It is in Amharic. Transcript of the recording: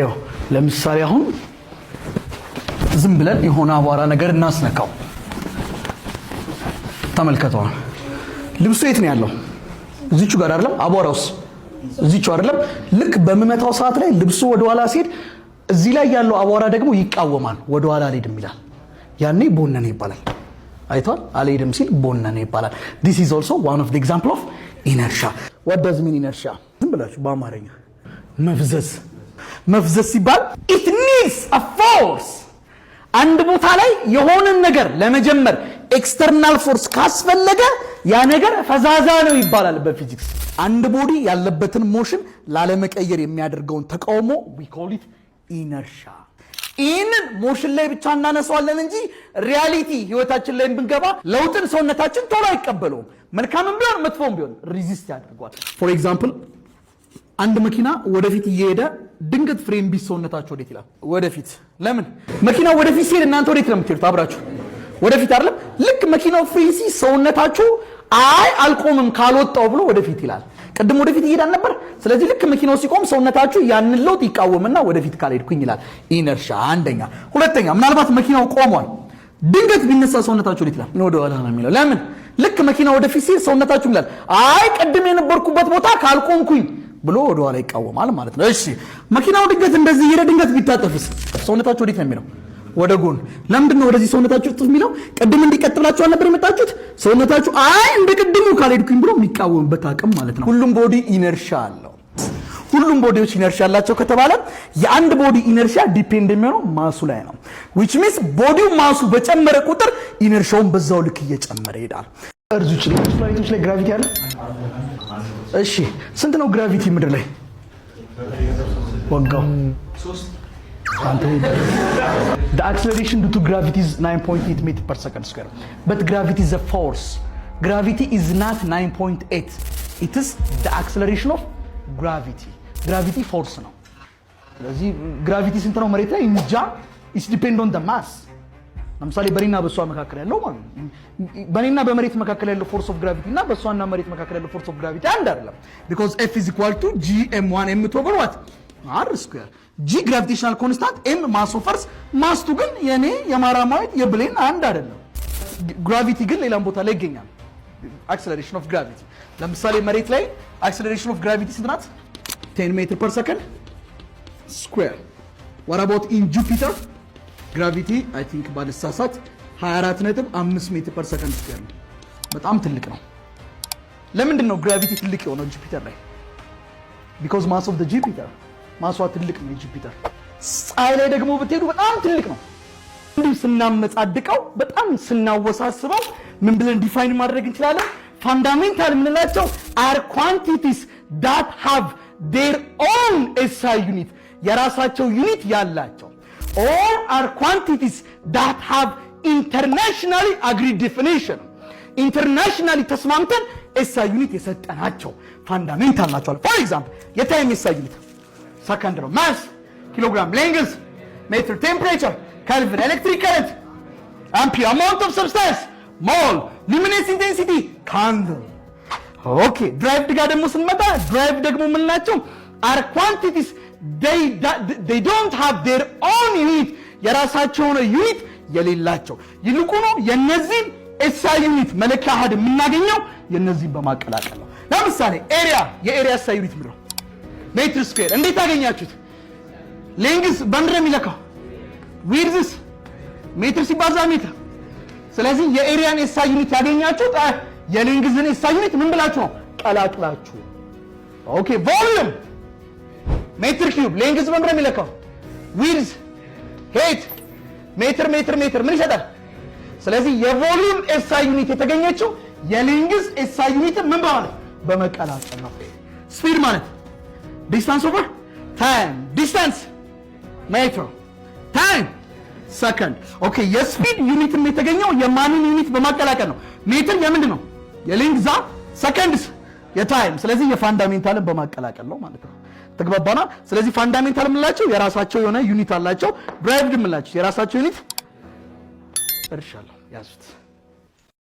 ይኸው ለምሳሌ አሁን ዝም ብለን የሆነ አቧራ ነገር እናስነካው። ተመልከተዋል። ልብሱ የት ነው ያለው? እዚቹ ጋር አይደለም? አቧራውስ እዚቹ አይደለም? ልክ በምመታው ሰዓት ላይ ልብሱ ወደኋላ ሲሄድ፣ እዚህ ላይ ያለው አቧራ ደግሞ ይቃወማል። ወደኋላ አልሄድም ይላል። ያኔ ቦነነ ይባላል። አይቷል። አልሄድም ሲል ቦነነ ይባላል። ዲስ ኢዝ ኦልሶ ዋን ኦፍ ኤግዛምፕል ኦፍ ኢነርሻ። ወደዝ ሚን ኢነርሻ ዝም ብላችሁ በአማርኛ መፍዘዝ መፍዘዝ ሲባል ኢት ኒድስ አ ፎርስ አንድ ቦታ ላይ የሆነን ነገር ለመጀመር ኤክስተርናል ፎርስ ካስፈለገ ያ ነገር ፈዛዛ ነው ይባላል በፊዚክስ። አንድ ቦዲ ያለበትን ሞሽን ላለመቀየር የሚያደርገውን ተቃውሞ ዊ ኮል ኢት ኢነርሻ። ይህንን ሞሽን ላይ ብቻ እናነሳዋለን እንጂ ሪያሊቲ ህይወታችን ላይ ብንገባ ለውጥን ሰውነታችን ቶሎ አይቀበለውም። መልካምም ቢሆን መጥፎም ቢሆን ሪዚስት ያደርጓል። ፎር ኤግዛምፕል አንድ መኪና ወደፊት እየሄደ ድንገት ፍሬም ቢስ ሰውነታችሁ ወዴት ይላል? ወደፊት። ለምን መኪናው ወደፊት ሲሄድ እናንተ ወዴት ነው የምትሄዱት? አብራችሁ ወደፊት አይደለም። ልክ መኪናው ፍሬ ሲ ሰውነታችሁ አይ አልቆምም ካልወጣው ብሎ ወደፊት ይላል። ቅድም ወደፊት ይሄዳል ነበር። ስለዚህ ልክ መኪናው ሲቆም ሰውነታችሁ ያንን ለውጥ ይቃወምና ወደፊት ካልሄድኩኝ ይላል። ኢነርሻ አንደኛ። ሁለተኛ ምናልባት መኪናው ቆሟል፣ ድንገት ቢነሳ ሰውነታችሁ ወዴት ይላል? ወደ ኋላ ነው የሚለው። ለምን ልክ መኪናው ወደፊት ሲሄድ ሰውነታችሁ ይላል አይ ቅድም የነበርኩበት ቦታ ካልቆምኩኝ ብሎ ኋላ ይቃወማል ማለት ነው። እሺ መኪናው ድንገት እንደዚህ ይሄደ ድንገት ቢታጠፍስ ሰውነታችሁ ወዴት ነው የሚለው? ወደ ጎን። ለምንድን ነው ወደዚህ ሰውነታችሁ ጥፍ የሚለው? ቅድም እንዲቀጥ ብላችሁ አልነበር የመጣችሁት? ሰውነታችሁ አይ እንደ ቅድሙ ካልሄድኩኝ ብሎ የሚቃወምበት አቅም ማለት ነው። ሁሉም ቦዲ ኢነርሻ አለው። ሁሉም ቦዲዎች ኢነርሻ አላቸው ከተባለ የአንድ ቦዲ ኢነርሻ ዲፔንድ የሚሆነው ማሱ ላይ ነው። ዊች ሚንስ ቦዲው ማሱ በጨመረ ቁጥር ኢነርሻውን በዛው ልክ እየጨመረ ይሄዳል። እርዙ ላይ ግራቪቲ አለ እሺ ስንት ነው ግራቪቲ ምድር ላይ ወጋው? አክስለሬሽን ዱ ቱ ግራቪቲ ኢዝ 9.8 ሜትር ፐር ሰከንድ ስኩዌር በት ግራቪቲ ዘ ፎርስ ግራቪቲ ኢዝ ናት 9.8 ኢትስ ኢዝ ኦፍ ግራቪቲ ግራቪቲ ፎርስ ነው። ስለዚህ ግራቪቲ ስንት ነው መሬት ላይ? እንጃ ኢትስ ዲፔንድ ኦን ማስ ለምሳሌ በኔና በእሷ መካከል ያለው ማለት ነው። በኔና በመሬት መካከል ያለው ፎርስ ኦፍ ግራቪቲ እና በእሷና መሬት መካከል ያለው ፎርስ ኦፍ ግራቪቲ አንድ አይደለም። ቢኮዝ ኤፍ ኢዝ ኢኳል ቱ ጂ ኤም ዋን ኤም ቱ ኦቨር ዋት አር ስኩዌር ጂ ግራቪቴሽናል ኮንስታንት፣ ኤም ማስ ኦፍ እርስ፣ ማስቱ ግን የኔ የማራማዊት የብሌን አንድ አይደለም። ግራቪቲ ግን ሌላም ቦታ ላይ ይገኛል። አክሰለሬሽን ኦፍ ግራቪቲ ለምሳሌ መሬት ላይ አክሰለሬሽን ኦፍ ግራቪቲ ስንት ናት? 10 ሜትር ፐር ሰከንድ ስኩዌር። ዋት አባውት ኢን ጁፒተር ግራቪቲ አይ ቲንክ ባልሳሳት 24 ነጥብ 5 ሜትር ፐር ሰከንድ ስኩዌር ነው። በጣም ትልቅ ነው። ለምንድን ነው ግራቪቲ ትልቅ የሆነው ጁፒተር ላይ? ቢኮዝ ማስ ኦፍ ጁፒተር ማሷ ትልቅ ነው የጁፒተር። ፀሐይ ላይ ደግሞ ብትሄዱ በጣም ትልቅ ነው። እንዲሁ ስናመጻድቀው በጣም ስናወሳስበው ምን ብለን ዲፋይን ማድረግ እንችላለን? ፋንዳሜንታል የምንላቸው አር ኳንቲቲስ ዳት ሃቭ ዴር ኦን ኤስአይ ዩኒት የራሳቸው ዩኒት ያላቸው all are quantities that have internationally agreed definition ኢንተርናሽናሊ ተስማምተን ኤሳ ዩኒት የሰጠናቸው ፋንዳሜንታል ናቸዋል። ፎር ኤግዛምፕል የታይም ኤሳ ዩኒት ሰከንድ ነው። ማስ ኪሎግራም፣ ሌንግዝ፣ ሜትር፣ ቴምፕሬቸር፣ ከልቭን፣ ኤሌክትሪክ ከረንት፣ አምፒር፣ አማውንት ኦፍ ሰብስታንስ፣ ሞል፣ ሉሚነስ ኢንቴንሲቲ፣ ካንድል። ኦኬ ድራይቭድ ጋር ደግሞ ስንመጣ ድራይቭ ደግሞ የምንላቸው አር ኳንቲቲስ they don't have their own unit የራሳቸው የሆነ ዩኒት የሌላቸው ይልቁኑ የነዚህን ኤሳ ዩኒት መለኪያ አሃድ የምናገኘው የነዚህን በማቀላቀል ነው። ለምሳሌ ኤሪያ የኤሪያ ኤሳ ዩኒት ምድረው ሜትር ስኩዌር እንዴት አገኛችሁት? ሌንግስ በምድር የሚለካው ዊድዝስ ሜትር ሲባዛ ሜትር። ስለዚህ የኤሪያን ኤሳ ዩኒት ያገኛችሁት የሌንግዝን ኤሳ ዩኒት ምን ብላችሁ ነው? ቀላቅላችሁ። ኦኬ ቮሊዩም ሜትር ኪዩብ ሌንግዝ በምንድን ነው የሚለካው? ዊድዝ ሄት ሜትር ሜትር ሜትር ምን ይሰጣል? ስለዚህ የቮሉም ኤስአይ ዩኒት የተገኘችው የሌንግዝ ኤስአይ ዩኒት ምን በማለት በመቀላቀል ነው። ስፒድ ማለት ዲስታንስ ኦቨር ታይም፣ ዲስታንስ ሜትር፣ ታይም ሰከንድ። ኦኬ የስፒድ ዩኒትም የተገኘው የማንን ዩኒት በማቀላቀል ነው? ሜትር የምንድን ነው? የሌንግዛ ሰከንድስ የታይም ስለዚህ የፋንዳሜንታልን በማቀላቀል ነው ማለት ነው። ተግባባናል። ስለዚህ ፋንዳሜንታል የምንላቸው የራሳቸው የሆነ ዩኒት አላቸው። ድራይቭድ የምንላቸው የራሳቸው ዩኒት እርሻለሁ ያዙት።